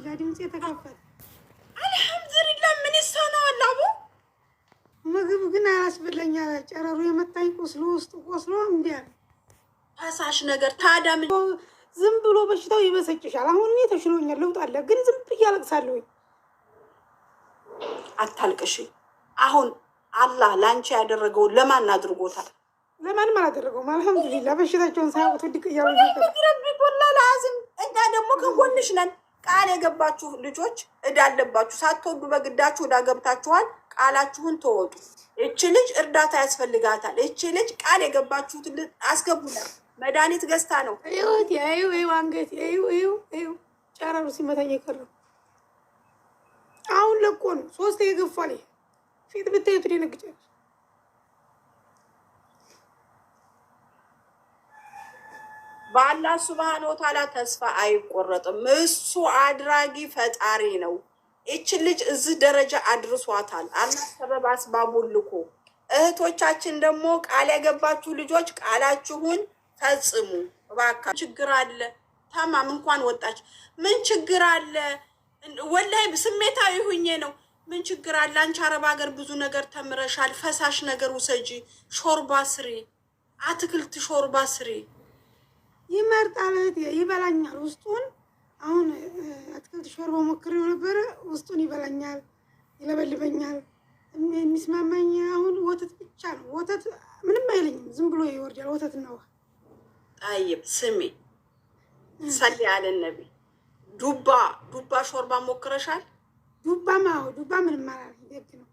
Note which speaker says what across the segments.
Speaker 1: አልሐምዱሊላህ ድምፅ የተከፈተ
Speaker 2: አልሐምዱሊላህ። ምን ይሳነዋል? አቡ
Speaker 1: ምግብ ግን አያስብለኛ። ጨረሩ የመታኝ ቁስሎ ውስጥ ቆስሎ እምቢ አለ።
Speaker 2: ፈሳሽ ነገር ታዲያ ምን
Speaker 1: ዝም ብሎ በሽታው ይበሰጭሻል። አሁን እኔ ተሽሎኛል፣ ለውጥ አለ፣ ግን ዝም ብዬ አለቅሳለሁ።
Speaker 2: አታልቅሽ። አሁን አላህ ለአንቺ ያደረገውን ለማን አድርጎታል?
Speaker 1: ለማንም አላደረገውም። አልሐምዱሊላህ በሽታቸውን ሳያውቁት ድቅ እያሉ
Speaker 2: ረቢ ኮላ ለአዝም እና ደግሞ ከጎንሽ ነን ቃል የገባችሁ ልጆች እዳ አለባችሁ። ሳትወዱ በግዳችሁ እዳ ገብታችኋል። ቃላችሁን ተወጡ። እች ልጅ እርዳታ ያስፈልጋታል። እች ልጅ ቃል የገባችሁት አስገቡላት። መድኃኒት ገዝታ ነው ህይወት ይው አንገት ዩ ይው ጨረሩ ሲመታ የቀረው አሁን ለቆ ነው ሶስት የገፋ ፊት ብታዩት ደነግጫለች። ባላ ሱብሃነ ወተዓላ ተስፋ አይቆረጥም። እሱ አድራጊ ፈጣሪ ነው። ይችን ልጅ እዚህ ደረጃ አድርሷታል። አላህ ሰበብ አስባቡን ልኮ እህቶቻችን ደግሞ ቃል ያገባችሁ ልጆች ቃላችሁን ፈጽሙ እባካ። ችግር አለ ታማም እንኳን ወጣች። ምን ችግር አለ? ወላይ ስሜታዊ ሁኜ ነው። ምን ችግር አለ? አንቺ አረብ ሀገር ብዙ ነገር ተምረሻል። ፈሳሽ ነገር ውሰጂ፣ ሾርባ ስሪ፣ አትክልት ሾርባ ስሪ። ይመርጣል። ይበላኛል ውስጡን። አሁን አትክልት ሾርባ ሞክሬው ነበረ። ውስጡን ይበላኛል፣ ይለበልበኛል። የሚስማማኝ አሁን ወተት ብቻ ነው። ወተት ምንም አይለኝም፣ ዝም ብሎ ይወርዳል። ወተት ነው። ጠይብ ስሜ ሰሌ አለን ነቢ ዱባ ዱባ ሾርባ ሞክረሻል? ዱባ ማው ዱባ ምንም አላለም። ደግ ነው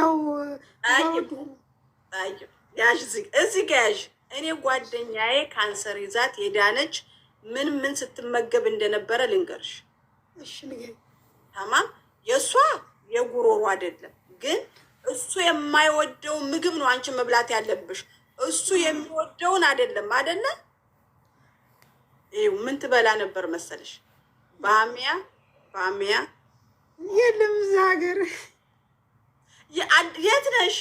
Speaker 2: ያው ያዥ እዚህ ጋር ያዥ እኔ ጓደኛዬ ካንሰር ይዛት የዳነች ምን ምን ስትመገብ እንደነበረ ልንገርሽ። ታማም የእሷ የጉሮሮ አይደለም ግን እሱ የማይወደውን ምግብ ነው አንቺ መብላት ያለብሽ። እሱ የሚወደውን አይደለም አይደለ? ይኸው ምን ትበላ ነበር መሰለሽ? ባሚያ ባሚያ የለም እዛ ሀገር የት ነሽ?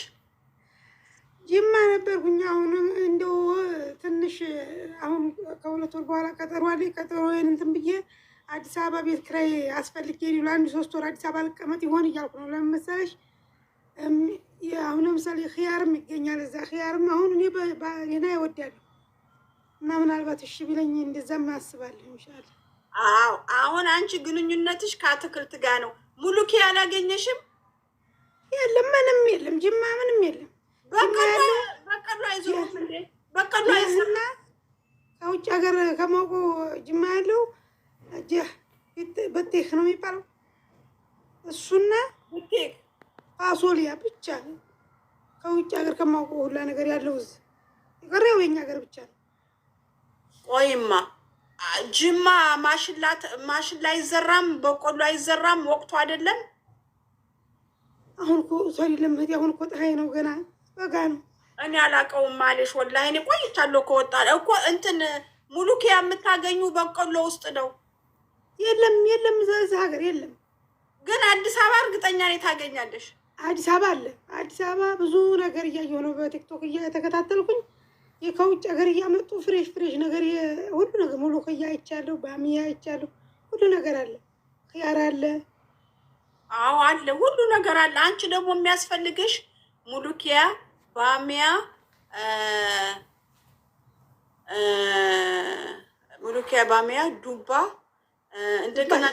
Speaker 2: ጅማ ነበርኩኝ። አሁንም እንደው ትንሽ አሁን ከሁለት ወር በኋላ ቀጠሮ አለኝ። ቀጠሮዬን እንትን ብዬ አዲስ አበባ ቤት ክራይ አስፈልጌ ሊሉ አንድ ሶስት ወር አዲስ አበባ ልቀመጥ ይሆን እያልኩ ነው። ለምን መሰለሽ አሁን ለምሳሌ ኪያርም ይገኛል እዛ። ኪያርም አሁን እኔ ባሌና ይወዳሉ እና ምናልባት እሺ ቢለኝ እንደዛም አስባለሁ። ይሻል። አዎ አሁን አንቺ ግንኙነትሽ ከአትክልት ጋር ነው። ሙሉ ኪ አላገኘሽም? የለም፣ ምንም የለም። ጅማ ምንም የለም። ውጤት ነው የሚባለው እሱና ውጤት ፋሶሊያ ብቻ ከውጭ ሀገር ከማውቀው ሁላ ነገር ያለው እዚህ የቀረው የኛ ሀገር ብቻ ነው። ቆይማ ጅማ ማሽን ላይ አይዘራም፣ በቆሎ አይዘራም። ወቅቱ አይደለም። አሁን እኮ ሰሪ ለምህት አሁን እኮ ፀሐይ ነው፣ ገና በጋ ነው። እኔ አላውቀውም ማለሽ ወላሂ እኔ ቆይቻለሁ። ከወጣ እኮ እንትን ሙሉኪያ የምታገኙ በቆሎ ውስጥ ነው። የለም የለም፣ እዚህ ሀገር የለም። ግን አዲስ አበባ እርግጠኛ ነኝ ታገኛለሽ። አዲስ አበባ አለ። አዲስ አበባ ብዙ ነገር እያየሁ ነው፣ በቲክቶክ እየተከታተልኩኝ ከውጭ ሀገር እያመጡ ፍሬሽ ፍሬሽ ነገር ሁሉ ነገር ሙሉ ከያ አይቻለሁ፣ ባሚያ አይቻለሁ፣ ሁሉ ነገር አለ። ክያር አለ። አዎ አለ፣ ሁሉ ነገር አለ። አንቺ ደግሞ የሚያስፈልግሽ ሙሉ ሙሉኪያ፣ ባሚያ፣ ኪያ፣ ባሚያ፣ ዱባ እንደገና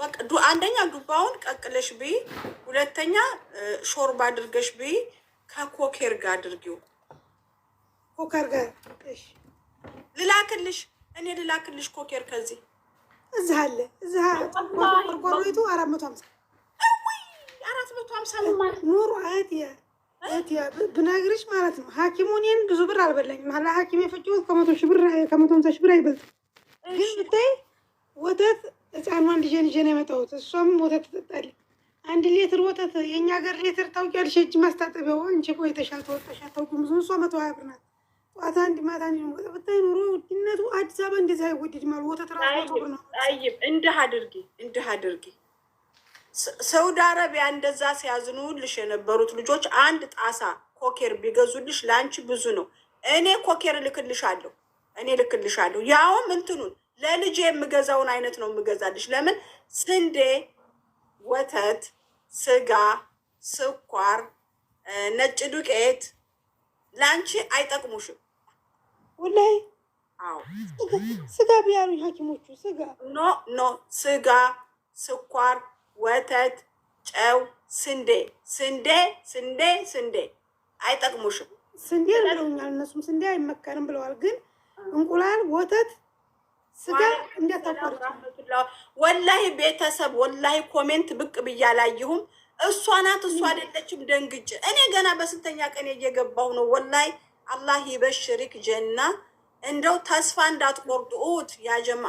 Speaker 2: በቃ አንደኛ ዱባውን ቀቅለሽ ብይ፣ ሁለተኛ ሾርባ አድርገሽ ብይ። ከኮኬር ጋር አድርጊው። ኮኬር ጋር ልላክልሽ፣ እኔ ልላክልሽ። ኮኬር ከዚህ እዚህ አለ። እዚህ ቆርቆሮቱ አራት መቶ ሀምሳ አራት መቶ ሀምሳ ኑሮ አትያ አትያ ብነግርሽ ማለት ነው። ሐኪሙን እኔን ብዙ ብር አልበላኝም። ሐኪም የፈጭሁት ከመቶ ሺህ ብር ከመቶ ሀምሳ ሺህ ብር አይበልጥም ግን ብታይ ወተት ህፃኗን ልጄን ይዤ ነው የመጣሁት። እሷም ወተት ትጠጣለች። አንድ ሌትር ወተት የእኛ ሀገር ሌትር ታውቂያለሽ? እጅ ማስታጠቢያው እንጂ ቆይተሻል፣ ተወጣሻል። ታውቂው ብዙ እሷ መቶ ሀያ ብር ናት። ጠዋት አንድ ማታ ብታይ ኑሮ ውድነቱ አዲስ አበባ እንደዚህ አይወደድም አሉ። ወተት ራሱ መቶ ብር ነው። እንዲህ አድርጊ፣ እንዲህ አድርጊ። ሰውድ አረቢያ እንደዛ ሲያዝኑልሽ የነበሩት ልጆች አንድ ጣሳ ኮኬር ቢገዙልሽ ለአንቺ ብዙ ነው። እኔ ኮኬር ልክልሻለሁ፣ እኔ ልክልሻለሁ ያውም እንትኑን ለልጅ የምገዛውን አይነት ነው የምገዛልሽ። ለምን ስንዴ፣ ወተት፣ ስጋ፣ ስኳር፣ ነጭ ዱቄት ለአንቺ አይጠቅሙሽም። ወላይ አዎ፣ ስጋ ቢያሉኝ ሐኪሞቹ ስጋ ኖ ኖ፣ ስጋ፣ ስኳር፣ ወተት፣ ጨው፣ ስንዴ ስንዴ ስንዴ ስንዴ አይጠቅሙሽም። ስንዴ ብለውኛል እነሱም ስንዴ አይመከርም ብለዋል። ግን እንቁላል፣ ወተት ስጋ እንዴት ወላሂ ቤተሰብ ወላሂ ኮሜንት ብቅ ብዬ አላየሁም። እሷ ናት እሷ አይደለችም ደንግጬ። እኔ ገና በስንተኛ ቀን እየገባሁ ነው። ወላሂ አላህ ይበሽሪክ ጀና። እንደው ተስፋ እንዳትቆርጡ እሑድ ያጀማ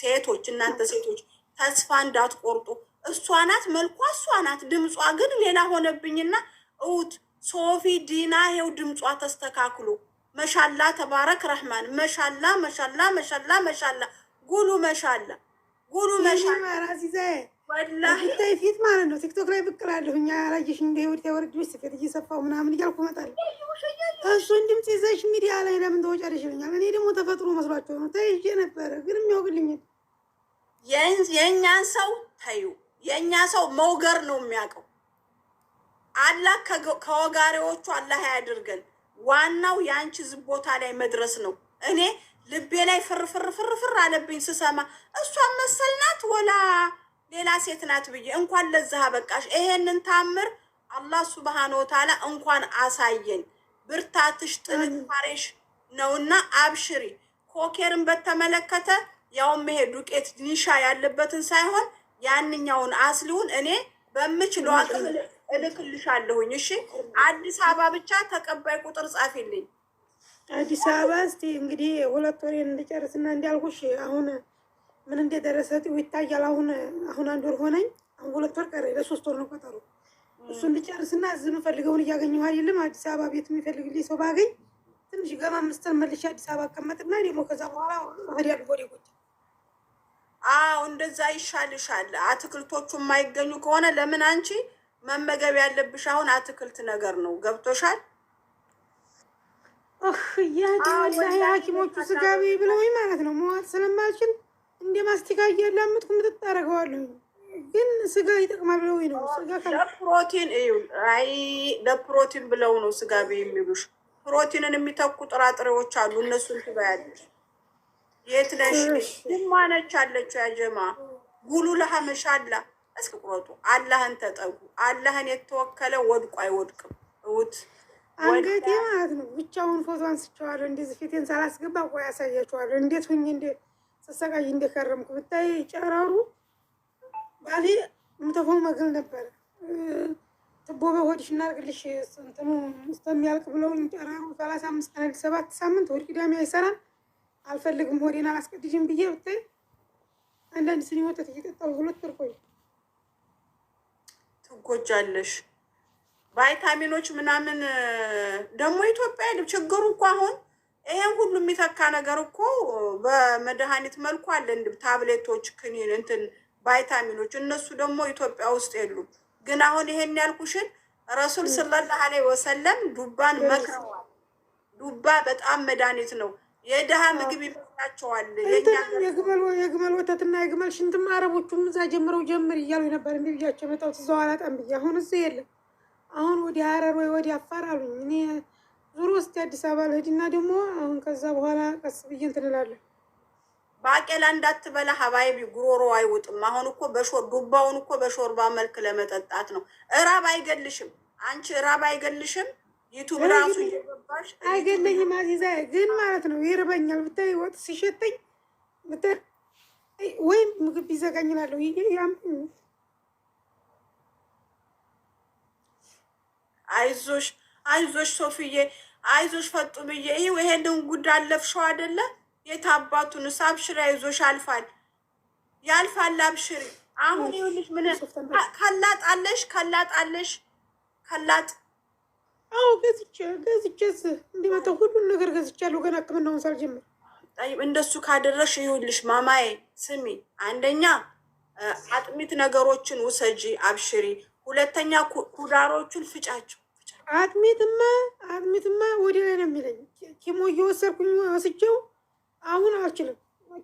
Speaker 2: ሴቶች፣ እናንተ ሴቶች ተስፋ እንዳትቆርጡ። እሷ ናት መልኳ፣ እሷ ናት ድምጿ ግን ሌላ ሆነብኝና እሑድ ሶፊ ዲና ይኸው ድምጿ ተስተካክሎ መሻላ ተባረክ ረህማን መሻላ መሻላ መሻላ መሻላ ጉሉ መሻላ ጉሉ መሻላ ወላሂ ፊት ማለት ነው። ቲክቶክ ላይ ብቅ እላለሁ እኛ ያላየሽ እንደ ወድ ወርድ እየሰፋው ምናምን እያልኩ እመጣለሁ። እሱን ድምፅ ይዘሽ ሚዲያ ላይ ለምን ተወጫለሽ ይለኛል። እኔ ደግሞ ተፈጥሮ መስሏቸው ነው ተይዤ ነበረ፣ ግን የሚያውቅልኝ የእኛን ሰው ተዩ። የእኛ ሰው መውገር ነው የሚያውቀው። አላህ ከወጋሪዎቹ አላህ ያድርገን። ዋናው የአንቺ ቦታ ላይ መድረስ ነው። እኔ ልቤ ላይ ፍርፍርፍርፍር አለብኝ ስሰማ እሷን መሰል ናት ወላ ሌላ ሴት ናት ብዬ እንኳን ለዛ በቃሽ። ይሄንን ታምር አላህ ሱብሃነ ወተዓላ እንኳን አሳየን። ብርታትሽ ጥንካሬሽ ነውና አብሽሪ። ኮኬርን በተመለከተ ያውም ይሄ ዱቄት ኒሻ ያለበትን ሳይሆን ያንኛውን አስሊውን እኔ በምችለው አቅም እልክልሻለሁኝ። እሺ አዲስ አበባ ብቻ ተቀባይ ቁጥር ጻፊልኝ። አዲስ አበባ እስቲ እንግዲህ ሁለት ወሬ እንድጨርስና እንዲያልኩሽ አሁን ምን እንደደረሰ ይታያል። አሁን አሁን አንድ ወር ሆነኝ። አሁን ሁለት ወር ቀረ፣ ለሶስት ወር ነው ቀጠሩ። እሱ እንድጨርስና እዚህ የምፈልገውን እያገኘሁ አይደለም። አዲስ አበባ ቤት የሚፈልግልኝ ሰው ባገኝ ትንሽ ገማ ምስተር መልሼ አዲስ አበባ አቀመጥና ደግሞ ከዛ በኋላ ሄዳል ወደ ጎጃ አዎ እንደዛ ይሻልሻል። አትክልቶቹ የማይገኙ ከሆነ ለምን አንቺ መመገብ ያለብሽ አሁን አትክልት ነገር ነው። ገብቶሻል? ወላሂ ሐኪሞቹ ስጋ ብይ ብለውኝ ማለት ነው መዋጥ ስለማልችል እንደ ማስቲካ እያላምጥኩ ምጥጥ አደርገዋለሁ። ግን ስጋ ይጠቅማል ብለውኝ ነው። እዩ። አይ ለፕሮቲን ብለው ነው ስጋቢ የሚሉሽ። ፕሮቲንን የሚተኩ ጥራጥሬዎች አሉ። እነሱን ትበያለሽ። የት ነሽ? ድማነች አለችው ያጀማ ጉሉ ለሀመሻላ እስኪ ቁረጡ። አላህን ተጠጉ። አላህን የተወከለ ወድቆ አይወድቅም። እውት አንገቴ ማለት ነው። ብቻውን ፎቶ አንስቼዋለሁ። እንደዚህ ፊቴን ሳላስገባ ቆይ ያሳያችኋለሁ። እንዴት ሁኝ እንደ ስሰቃይ እንደከረምኩ ብታይ። ጨረሩ ባሌ ምተፎ መግል ነበር ትቦ በሆድሽ እናርግልሽ እንትኑ እስከሚያልቅ ብለውኝ ጨረሩ ሰላሳ አምስት ቀን ሰባት ሳምንት ወድ ቅዳሜ አይሰራም አልፈልግም ሆዴን አላስቀድጅም ብዬ ብታይ አንዳንድ ስኒ ወተት እየጠጣሁ ሁለት ትርቆኝ ትጎጃለሽ። ቫይታሚኖች ምናምን ደግሞ ኢትዮጵያ ችግሩ እኮ አሁን ይሄን ሁሉ የሚተካ ነገር እኮ በመድኃኒት መልኩ አለ እንድም ታብሌቶች፣ ክኒን፣ እንትን ቫይታሚኖች እነሱ ደግሞ ኢትዮጵያ ውስጥ የሉም። ግን አሁን ይሄን ያልኩሽን ረሱል ሰለላሁ ዐለይሂ ወሰለም ዱባን መክረዋል። ዱባ በጣም መድኃኒት ነው። የድሀ ምግብ ይመስላቸዋል። የግመል ወተትና የግመል ሽንትማ አረቦቹም እዛ ጀምረው ጀምር እያሉ ነበር። እንዲ ብያቸው የመጣሁት እዛው አላጣም ብዬ አሁን እዚህ የለም። አሁን ወደ ሀረር ወይ ወዲ አፋር አሉኝ። እኔ ዙሮ እስኪ አዲስ አበባ ልሂድና ደግሞ አሁን ከዛ በኋላ ቀስ ብዬ እንትን እላለሁ። ባቄላ እንዳትበላ ሀባይቢ ጉሮሮ አይውጥም። አሁን እኮ ዱባውን እኮ በሾርባ መልክ ለመጠጣት ነው። እራብ አይገልሽም። አንቺ እራብ አይገልሽም። ዩቱብ ራሱ አይገለኝም። አዚዛ ግን ማለት ነው ይርበኛል ብታይ ወጥ ሲሸተኝ ወይም ምግብ ይዘጋኝላለሁ አይዞሽ አይዞሽ ሶፍዬ አይዞሽ ይህ ይሄንን ጉድ አለፍሸው አደለ? የታባቱን አይዞሽ ያልፋል። አሁን ምን ከላጣለሽ፣ ከላጣለሽ፣ ከላጥ አዎ ገዝቼ ገዝቼስ እንዲመጣው ሁሉን ነገር ገዝቻለሁ። ገና ሕክምናውን ሳልጀምር እንደሱ ካደረሽ ይሁልሽ። ማማዬ ስሚ፣ አንደኛ አጥሚት ነገሮችን ውሰጂ፣ አብሽሪ። ሁለተኛ ኩዳሮቹን ፍጫቸው። አጥሚትማ አጥሚትማ ወደ ላይ ነው የሚለኝ። ኪሞ እየወሰድኩኝ ወስጄው አሁን አልችልም።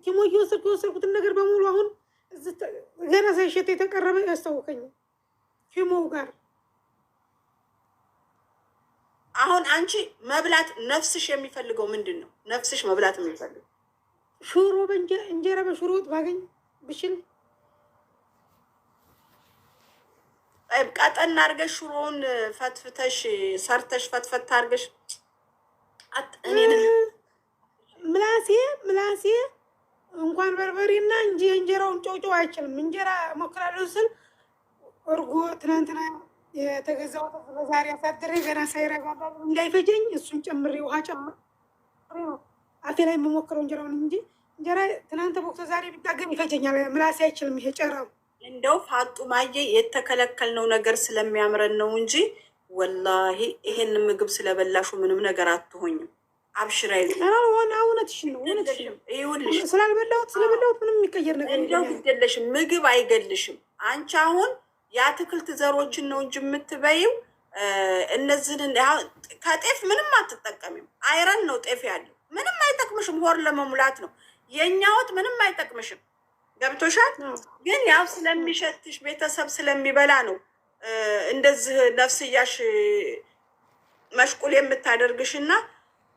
Speaker 2: ኪሞ እየወሰድኩ የወሰድኩትን ነገር በሙሉ አሁን ገና ሳይሸጥ የተቀረበ ያስታውቀኛል ኪሞው ጋር አሁን አንቺ መብላት ነፍስሽ የሚፈልገው ምንድን ነው? ነፍስሽ መብላት የሚፈልገው ሽሮ እንጀራ በሽሮ ወጥ ባገኝ ብችል ቀጠና አርገሽ ሹሮውን ፈትፍተሽ ሰርተሽ ፈትፈት አርገሽ ምላሴ ምላሴ እንኳን በርበሬና እንጂ እንጀራውን ጨውጨው አይችልም። እንጀራ ሞክራለሁ ስል እርጎ ትናንትና የተገዛው ዛሬ አሳድሬ ገና ሳይረጋ እንዳይፈጀኝ እሱን ጨምሬ ውሃ ጨምሬ ነው አፌ ላይ የምሞክረው እንጀራውን እንጂ እንጀራ ትናንተ ቦክቶ ዛሬ ቢጣገም ይፈጀኛል። ምላሴ አይችልም። ይሄ ጨራው እንደው ፋጡ ማየ የተከለከልነው ነገር ስለሚያምረን ነው እንጂ ወላሂ ይሄን ምግብ ስለበላሹ ምንም ነገር አትሆኝም። አብሽራ ይሆን እውነትሽን ነው ስላልበላሁት ስለበላሁት ምንም የሚቀየር ነገር እንደው ግደለሽም ምግብ አይገልሽም አንቺ አሁን የአትክልት ዘሮችን ነው እንጂ የምትበይው እነዚህን ከጤፍ ምንም አትጠቀሚም። አይረን ነው ጤፍ ያለው ምንም አይጠቅምሽም። ሆር ለመሙላት ነው። የእኛ ወጥ ምንም አይጠቅምሽም። ገብቶሻል። ግን ያው ስለሚሸትሽ ቤተሰብ ስለሚበላ ነው እንደዚህ ነፍስያሽ መሽቁል የምታደርግሽ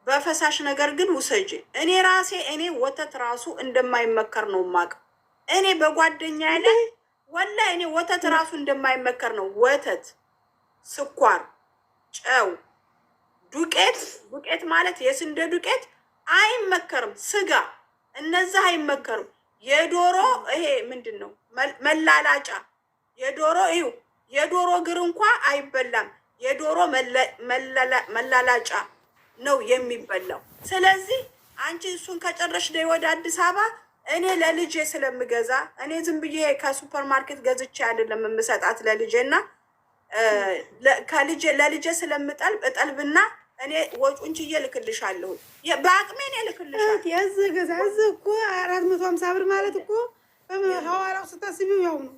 Speaker 2: በፈሳሽ ነገር ግን ውሰጂ። እኔ ራሴ እኔ ወተት ራሱ እንደማይመከር ነው ማቅ እኔ በጓደኛ ያለ ወላ እኔ ወተት ራሱ እንደማይመከር ነው። ወተት፣ ስኳር፣ ጨው፣ ዱቄት ዱቄት ማለት የስንዴ ዱቄት አይመከርም። ስጋ እነዛ አይመከርም። የዶሮ ይሄ ምንድን ነው መላላጫ የዶሮ ይሁ የዶሮ እግር እንኳ አይበላም። የዶሮ መላላጫ ነው የሚበላው። ስለዚህ አንቺ እሱን ከጨረሽ ደይ ወደ አዲስ አበባ እኔ ለልጄ ስለምገዛ እኔ ዝም ብዬ ከሱፐር ማርኬት ገዝቼ አይደለም የምሰጣት ለልጄ እና ከልጄ ለልጄ ስለምጠልብ እጠልብና እኔ ወጪውን ችዬ እልክልሻለሁ። በአቅሜ እኔ እልክልሻለሁ። የዚህ ገዛ እዚህ እኮ አራት መቶ ሀምሳ ብር ማለት እኮ ሐዋላው ስታስቢው ያው ነው።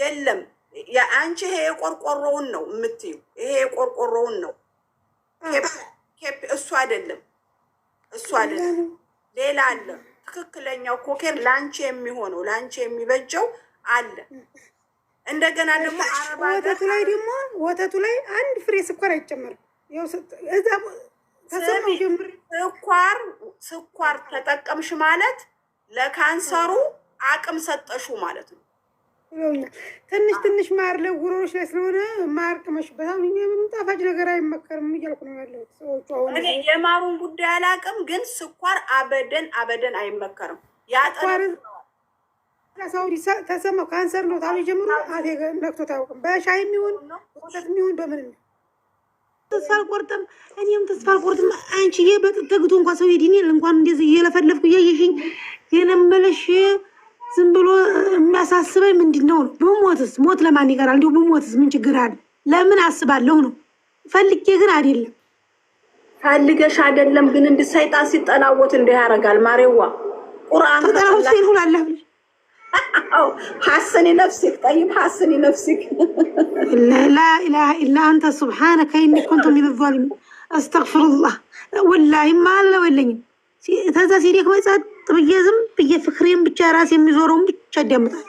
Speaker 2: የለም አንቺ ይሄ የቆርቆሮውን ነው የምትዩ። ይሄ የቆርቆሮውን ነው እሱ አይደለም፣ እሱ አይደለም፣ ሌላ አለ ትክክለኛው ኮኬር ላንቺ የሚሆነው ላንቺ የሚበጀው አለ። እንደገና ደግሞ ወተቱ ላይ ደግሞ ወተቱ ላይ አንድ ፍሬ ስኳር አይጨመርም። ስኳር ስኳር ተጠቀምሽ ማለት ለካንሰሩ አቅም ሰጠሹ ማለት ነው። ትንሽ ትንሽ ማር ለጉሮሮች ላይ ስለሆነ ማር ቅመሽበታል። ምንም ጣፋጭ ነገር አይመከርም እያልኩ ነው ያለሁት። ሰዎቹ የማሩን ጉዳይ አላውቅም፣ ግን ስኳር አበደን አበደን አይመከርም። ያጠሳውዲ ተሰማው ካንሰር ነው ታሉ ጀምሮ አፌ ነክቶት አያውቅም። በሻይ የሚሆን ወተት የሚሆን በምን ነው ተስፋ አልቆርጥም። እኔም ተስፋ አልቆርጥም። አንቺ ይሄ በጥጥ ተግቶ እንኳን ሰው ሄድ እንኳን እንደዚህ እየለፈለፍኩ እያየሽኝ የነመለሽ ዝም ብሎ የሚያሳስበኝ ምንድን ነው? ብሞትስ ሞት ለማን ይቀራል? እንዲሁ ብሞትስ ምን ችግር አለ? ለምን አስባለሁ ነው። ፈልጌ ግን አይደለም ፈልገሽ አይደለም ግን እንዲ ሰይጣን ሲጠናወት እንዲህ ያደርጋል። ማሬዋ ቁርአን ተጠናወት ይሁን አለ ሐስኒ ነፍሲክ ጠይብ ሐስኒ ነፍሲክ ላ ኢላ አንተ ሱብሓነከ ኢኒ ኩንቱ ሚነ ዛሊሚን አስተግፊሩላህ ወላሂ ማለ የለኝም። ተዛ ሲሪክ መጻት ብዬ ዝም ብዬ ፍቅሬን ብቻ ራሴ የሚዞረውን ብቻ አዳምጣለሁ።